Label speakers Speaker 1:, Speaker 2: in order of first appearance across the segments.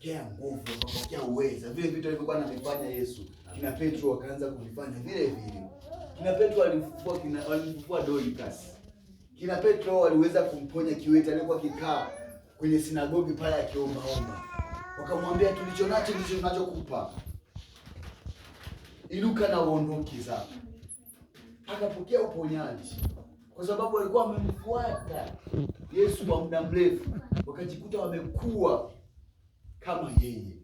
Speaker 1: Pokea nguvu, pokea uweza. Vile vitu alivyokuwa anavifanya Yesu, kina Petro akaanza kuvifanya vile vile. Kina Petro alifufua kina walifufua Dorcas. Kina Petro aliweza kumponya kiwete aliyokuwa kikaa kwenye sinagogi pale akiomba omba. Wakamwambia tulicho nacho ndicho tunachokupa. Inuka na uondoke zako. Akapokea uponyaji. Kwa sababu alikuwa amemfuata Yesu kwa muda mrefu, wakajikuta wamekuwa kama yeye.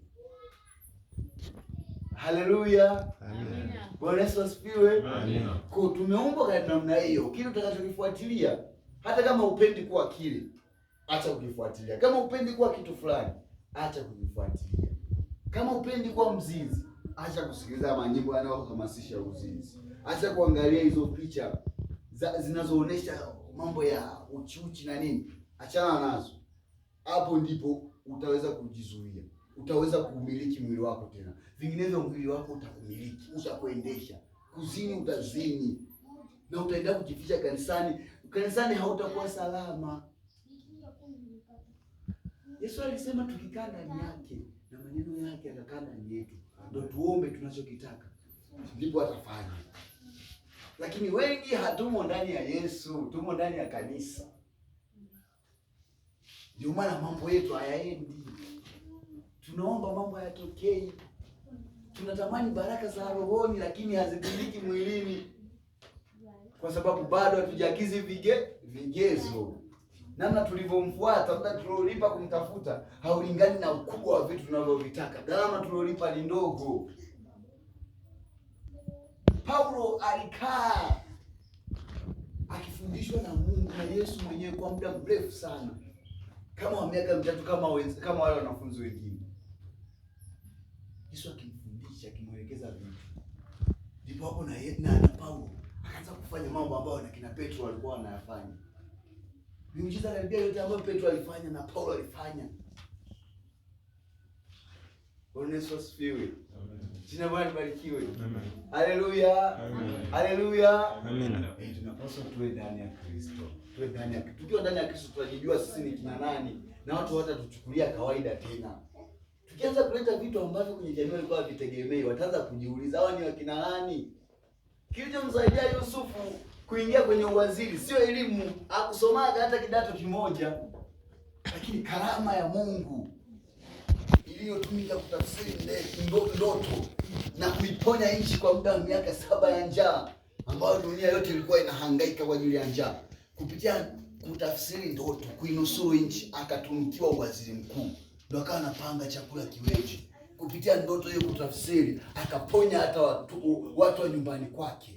Speaker 1: Haleluya, Bwana Yesu asifiwe. Kwa tumeumbwa kwa namna hiyo, kile utakachokifuatilia, hata kama upendi kuwa kile, acha kukifuatilia. Kama upendi kuwa kitu fulani, acha kukifuatilia. Kama upendi kuwa mzinzi, acha kusikiliza manyimbo yanayohamasisha uzinzi. Acha kuangalia hizo picha zinazoonesha mambo ya uchuchi na nini, achana nazo. Hapo ndipo utaweza kujizuia, utaweza kuumiliki mwili wako tena. Vinginevyo mwili wako utakumiliki, utakuendesha kuzini, utazini na utaenda kujificha kanisani. Kanisani hautakuwa salama. Yesu alisema tukikaa ndani yake na maneno yake atakaa ndani yetu, ndio tuombe tunachokitaka, ndipo atafanya. Lakini wengi hatumo ndani ya Yesu, tumo ndani ya kanisa. Ndio maana mambo yetu hayaendi, tunaomba mambo hayatokei. Tunatamani baraka za rohoni, lakini hazidiliki mwilini, kwa sababu bado hatujakizi vige vigezo. Namna tulivyomfuata, muda tuliolipa kumtafuta haulingani na ukubwa wa vitu tunavyovitaka. Gharama tuliolipa ni ndogo. Paulo alikaa akifundishwa na Mungu na Yesu mwenyewe kwa muda mrefu sana kama wa miaka mitatu kama wenz, kama wale wanafunzi wengine. Yesu akimfundisha akimwelekeza vitu, ndipo hapo na yeye na Paulo akaanza kufanya mambo ambayo na kina Petro walikuwa wanayafanya. Miujiza karibia yote ambayo Petro alifanya na Paulo alifanya. Bwana Yesu asifiwe. Jina Bwana libarikiwe. Haleluya. Haleluya. Amen. Sasa tuwe ndani ya Kristo, tuwe ndani ya Kristo. tukiwa ndani ya Kristo tunajijua sisi ni kina nani, na watu tuchukulia kawaida tena. Tukianza kuleta vitu ambavyo kwenye jamii walikuwa havitegemei, wataanza kujiuliza hawa ni wakina nani. Kilichomsaidia Yusufu kuingia kwenye uwaziri sio elimu, akusomaga hata kidato kimoja, lakini karama ya Mungu iliyotumika kutafsiri ndoto na kuiponya nchi kwa muda wa miaka saba ya njaa ambayo dunia yote ilikuwa inahangaika kwa ajili ya njaa, kupitia kutafsiri ndoto, kuinusuru nchi, akatunukiwa waziri mkuu, ndo akawa anapanga chakula kiweje kupitia ndoto hiyo kutafsiri, akaponya hata watu, watu wa nyumbani kwake.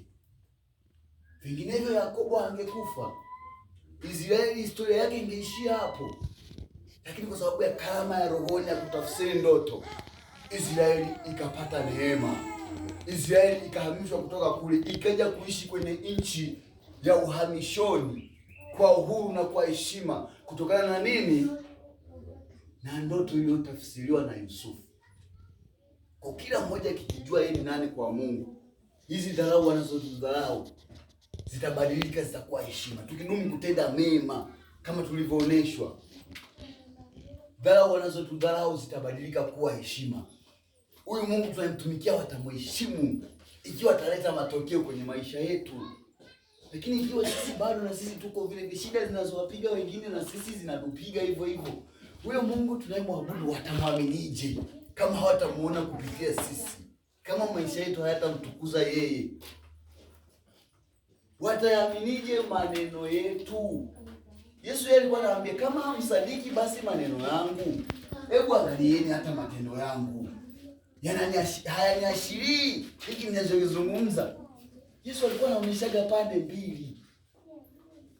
Speaker 1: Vinginevyo Yakobo angekufa, Israeli historia yake ingeishia hapo, lakini kwa sababu ya karama ya rohoni ya kutafsiri ndoto, Israeli ikapata neema. Israeli ikahamishwa kutoka kule ikaja kuishi kwenye nchi ya uhamishoni kwa uhuru na kwa heshima, kutokana na nini? Na ndoto iliyotafsiriwa na Yusufu, kwa kila mmoja kikijua yeye ni nani kwa Mungu. Hizi dharau wanazozidharau zitabadilika, zitakuwa heshima, tukidumu kutenda mema kama tulivyoonyeshwa. Dharau wanazotudharau zitabadilika kuwa heshima huyu Mungu tunamtumikia watamheshimu ikiwa ataleta matokeo kwenye maisha yetu, lakini ikiwa sisi bado na sisi tuko vile, shida zinazowapiga wengine na sisi zinatupiga hivyo hivyo, huyo Mungu tunayemwabudu watamwaminije kama hawatamuona kupitia sisi, kama maisha yetu hayatamtukuza yeye? watayaminije maneno yetu? Yesu yeye alikuwa anawaambia kama hamsadiki basi maneno yangu, hebu angalieni hata matendo yangu hayaniashirii hiki ninachozungumza. Yesu alikuwa anaonyeshaga pande mbili,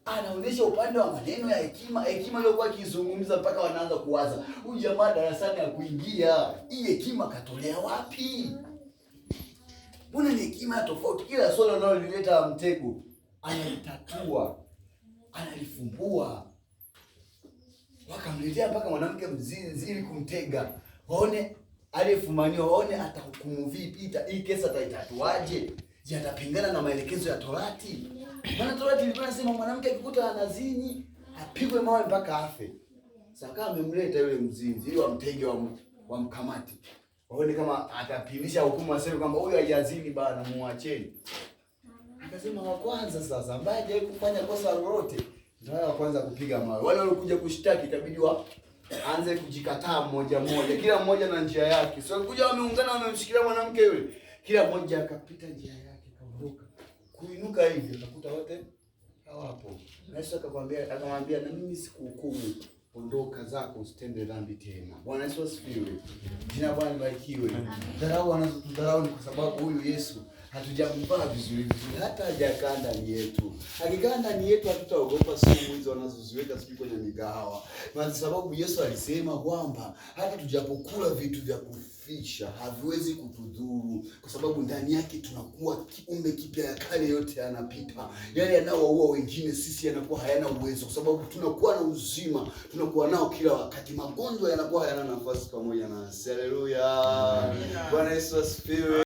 Speaker 1: anaonyesha upande wa maneno ya hekima, hekima aliyokuwa akizungumza mpaka wanaanza kuwaza huyu jamaa darasani ya kuingia hii hekima katolea wapi? Mbona ni hekima ya tofauti? Kila swali analolileta mtego analitatua, analifumbua. Wakamletea mpaka mwanamke mzinzi ili kumtega waone aliyefumaniwa, waone atahukumu vipi, ita hii kesi ataitatuaje, je, atapingana na maelekezo ya Torati? Maana Torati ilikuwa inasema mwanamke akikuta anazini apigwe mawe mpaka afe. Saka amemleta yule mzinzi ili wamtenge wa, wa mkamati waone kama atapilisha hukumu, aseme kwamba huyu hajazini bana, muacheni. Akasema wa kwanza sasa, ambaye hajawahi kufanya kosa lolote, ndio wa kwanza kupiga mawe. Wale waliokuja kushtaki itabidi wa aanze kujikataa mmoja mmoja, kila mmoja na njia yake. Sio kuja wameungana, wamemshikilia mwanamke yule, kila mmoja akapita njia yake, kaondoka. Kuinuka hivi nakuta wote hawapo. Yesu akamwambia, akamwambia na mimi sikuhukumu, ondoka zako, usitende dhambi tena. Bwana Yesu asifiwe, jina Bwana libarikiwe. Dharau anazodharau ni kwa sababu huyu Yesu hatujakupaa vizuri vizuri, hata hajakaa ndani yetu. Akikaa ndani yetu, hatutaogopa sumu hizo wanazoziweka sijui kwenye migahawa, kwa sababu Yesu alisema kwamba hata tujapokula vitu vya kufisha haviwezi kutudhuru, kwa sababu ndani yake tunakuwa kiumbe kipya, ya kale yote yanapita. Yale yanayowaua wengine sisi yanakuwa hayana uwezo, kwa sababu tunakuwa na uzima, tunakuwa nao kila wakati. Magonjwa yanakuwa hayana nafasi pamoja nasi. Haleluya, Bwana Yesu asifiwe.